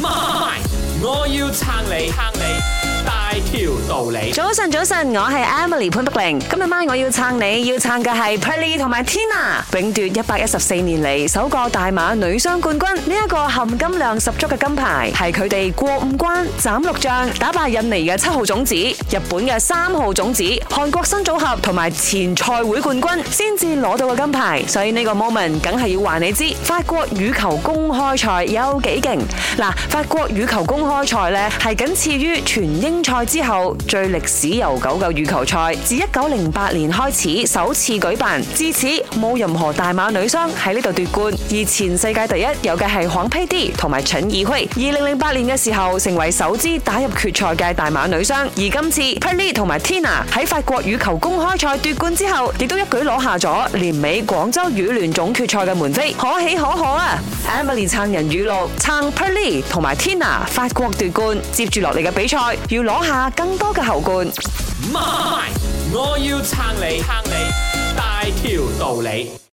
媽咪，我要撐你，撐你大條道理。早晨，早晨，我係 Emily 潘德玲。今日媽咪我要撐你，要撐嘅係 Pearly 同埋 Tina，勇奪一百一十四年嚟首個大馬女雙冠軍。呢一個含金量十足嘅金牌，係佢哋過五關斬六將，打敗印尼嘅七號種子、日本嘅三號種子、韓國新組合同埋前賽會冠軍先至才攞到個金牌，所以呢個 moment 梗係要話你知，法國羽球公開賽有幾勁。嗱，法國羽球公開賽咧係僅次於全英賽之後最歷史悠久嘅羽球賽，自一九零八年開始首次舉辦，至此冇任何大馬女雙喺呢度奪冠，而前世界第一有嘅係黃佩蒂同埋陳怡輝。二零零八年嘅時候，成為首支打入決賽嘅大馬女雙，而今次 Perley 同埋 Tina 喺法國羽球公開賽奪冠之後，亦都一舉攞下咗。年尾廣州羽聯總決賽嘅門飛，可喜可賀啊！Emily 撐人語錄，撐 Perley 同埋 Tina 法國奪冠，接住落嚟嘅比賽要攞下更多嘅后冠。My，我要撐你，撐你大條道理。